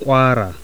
kwara